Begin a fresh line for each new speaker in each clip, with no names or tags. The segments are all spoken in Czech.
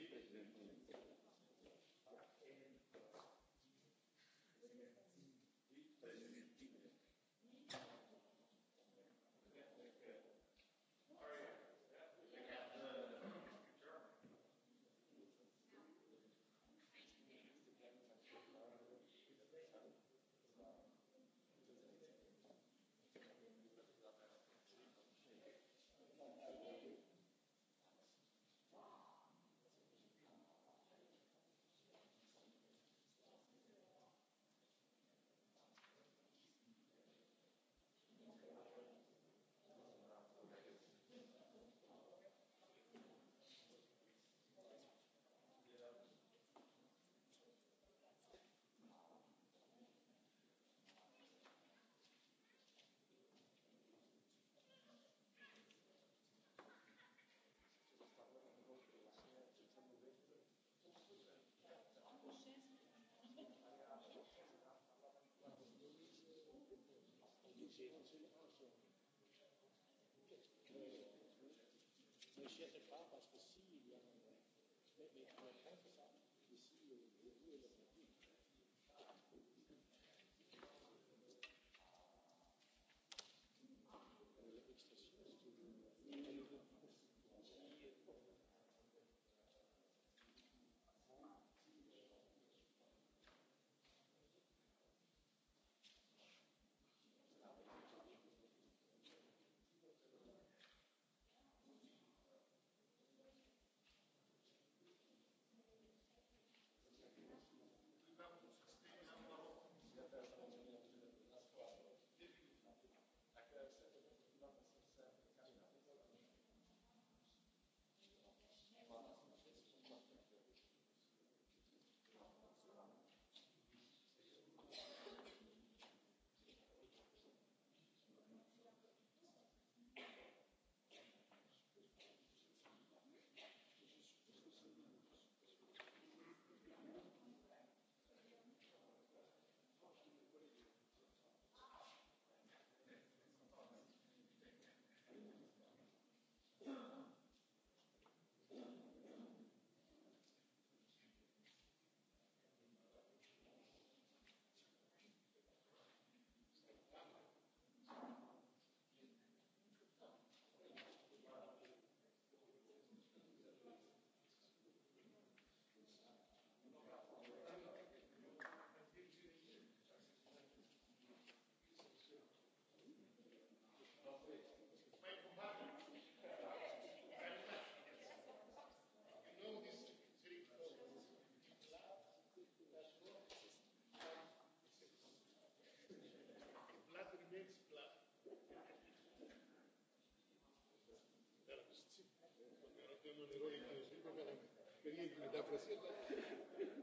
prezidentu. siete papas che sì, mi hanno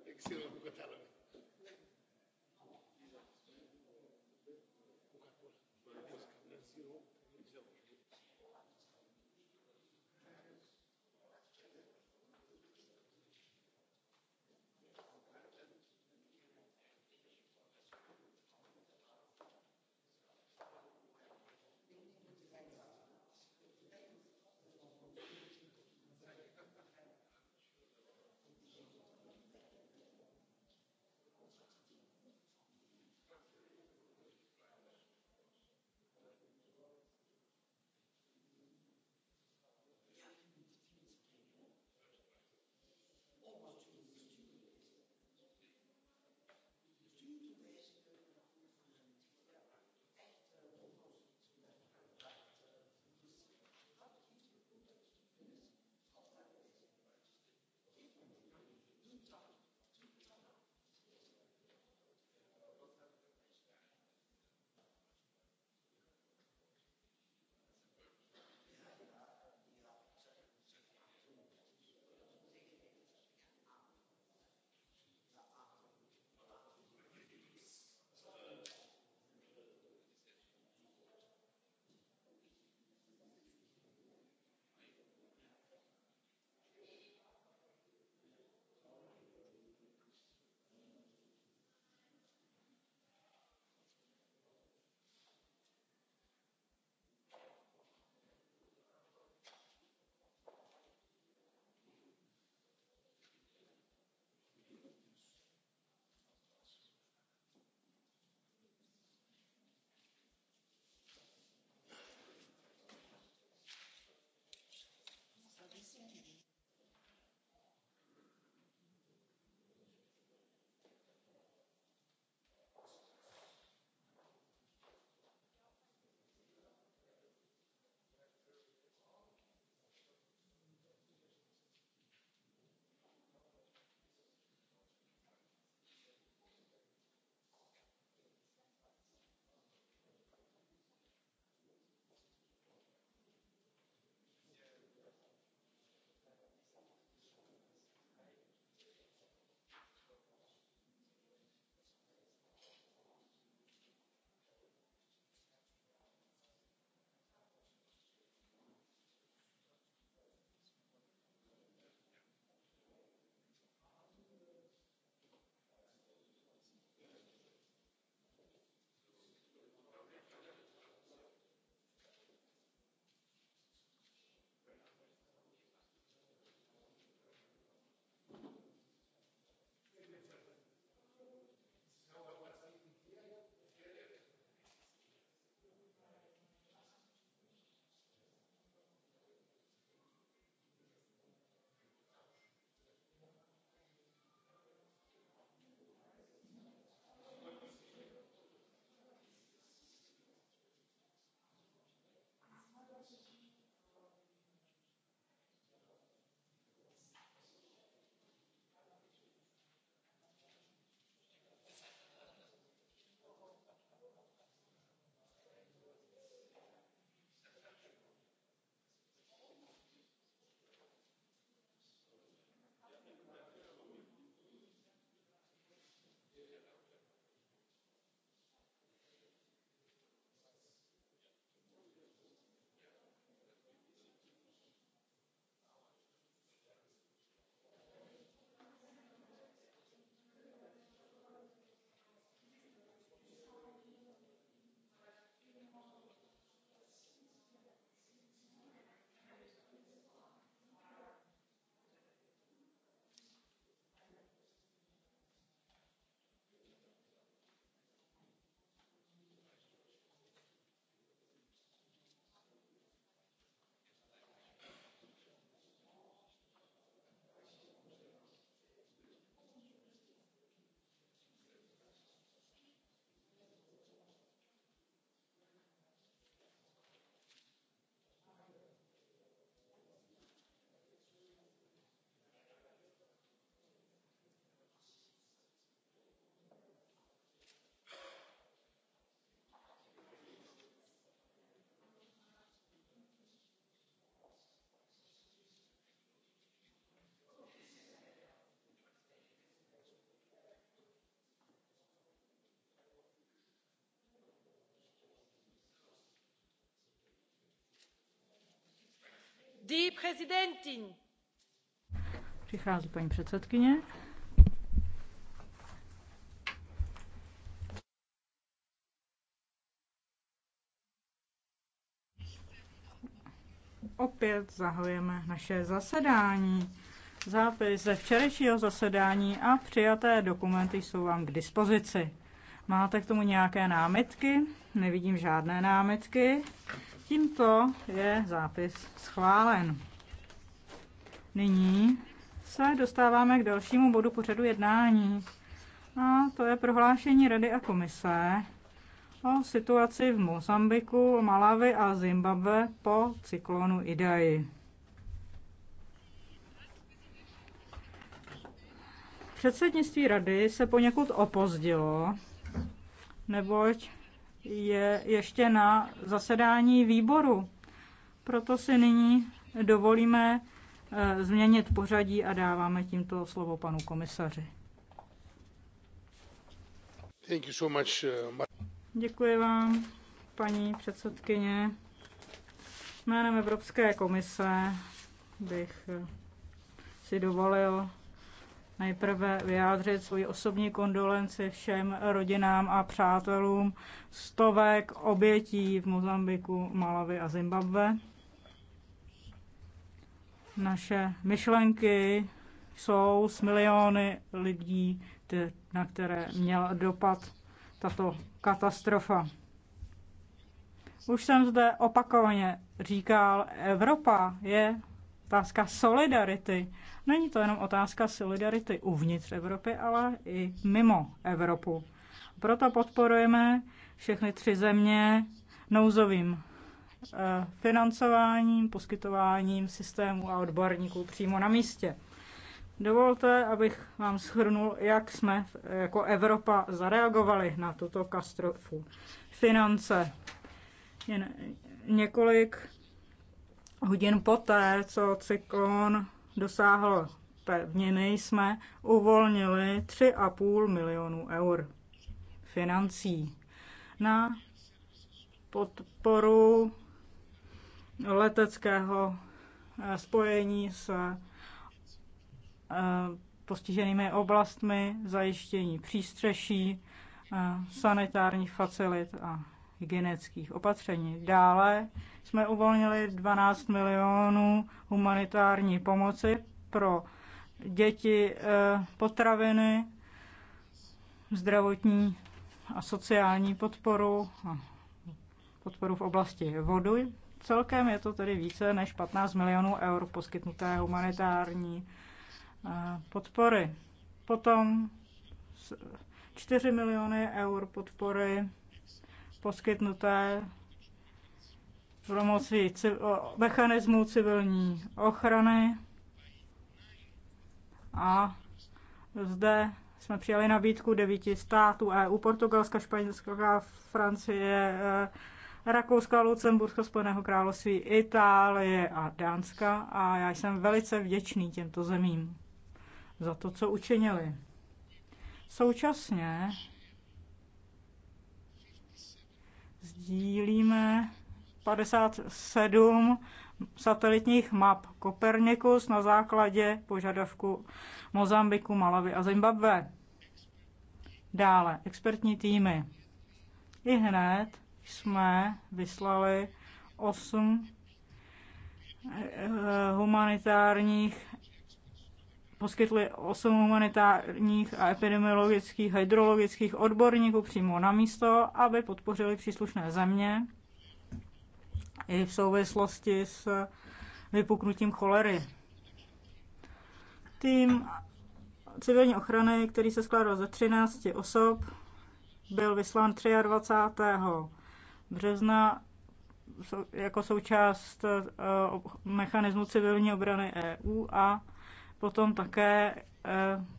Excellent. Přichází paní předsedkyně. Opět zahajeme naše zasedání. Zápis ze včerejšího zasedání a přijaté dokumenty jsou vám k dispozici. Máte k tomu nějaké námitky? Nevidím žádné námitky. Tímto je zápis schválen. Nyní se dostáváme k dalšímu bodu pořadu jednání. A to je prohlášení Rady a komise o situaci v Mozambiku, Malavi a Zimbabwe po cyklonu Idai. Předsednictví rady se poněkud opozdilo, neboť je ještě na zasedání výboru. Proto si nyní dovolíme eh, změnit pořadí a dáváme tímto slovo panu komisaři. Eh, Děkuji vám, paní předsedkyně. Jménem Evropské komise bych eh, si dovolil nejprve vyjádřit svoji osobní kondolenci všem rodinám a přátelům stovek obětí v Mozambiku, Malavi a Zimbabve. Naše myšlenky jsou s miliony lidí, na které měla dopad tato katastrofa. Už jsem zde opakovaně říkal, Evropa je otázka solidarity. Není to jenom otázka solidarity uvnitř Evropy, ale i mimo Evropu. Proto podporujeme všechny tři země nouzovým eh, financováním, poskytováním systému a odborníků přímo na místě. Dovolte, abych vám shrnul, jak jsme jako Evropa zareagovali na tuto katastrofu. Finance. Jen několik hodin poté, co cyklon dosáhl pevniny, jsme uvolnili 3,5 milionů eur financí na podporu leteckého eh, spojení s eh, postiženými oblastmi, zajištění přístřeší, eh, sanitárních facilit a hygienických opatření. Dále jsme uvolnili 12 milionů humanitární pomoci pro děti, eh, potraviny, zdravotní a sociální podporu a podporu v oblasti vody. Celkem je to tedy více než 15 milionů eur poskytnuté humanitární eh, podpory. Potom 4 miliony eur podpory poskytnuté pomocí mechanismů civilní ochrany. A zde jsme přijali nabídku devíti států EU, Portugalska, Španělska, Francie, eh, Rakouska, Lucemburska, Spojeného království, Itálie a Dánska. A já jsem velice vděčný těmto zemím za to, co učinili. Současně sdílíme 57 satelitních map Kopernikus na základě požadavku Mozambiku, Malavy a Zimbabwe. Dále expertní týmy. I hned jsme vyslali 8 eh, humanitárních poskytli osm humanitárních a epidemiologických, hydrologických odborníků přímo na místo, aby podpořili příslušné země i v souvislosti s vypuknutím cholery. Tým civilní ochrany, který se skládal ze 13 osob, byl vyslán 23. března jako součást eh, mechanismu civilní obrany EU a potom také eh,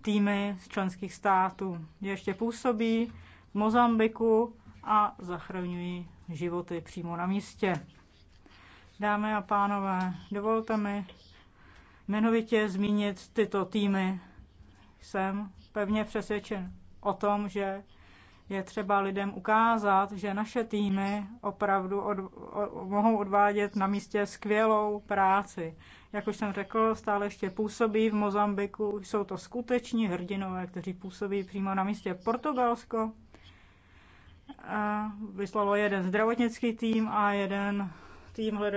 týmy z členských států. Ještě působí v Mozambiku a zachraňují životy přímo na místě. Dámy a pánové, dovolte mi jmenovitě zmínit tyto týmy. Jsem pevně přesvědčen o tom, že je třeba lidem ukázat, že naše týmy opravdu od, o, mohou odvádět na místě skvělou práci. Jak už jsem řekl, stále ještě působí v Mozambiku. Jsou to skuteční hrdinové, kteří působí přímo na místě Portugalsko. Vyslalo jeden zdravotnický tým a jeden tým hledá.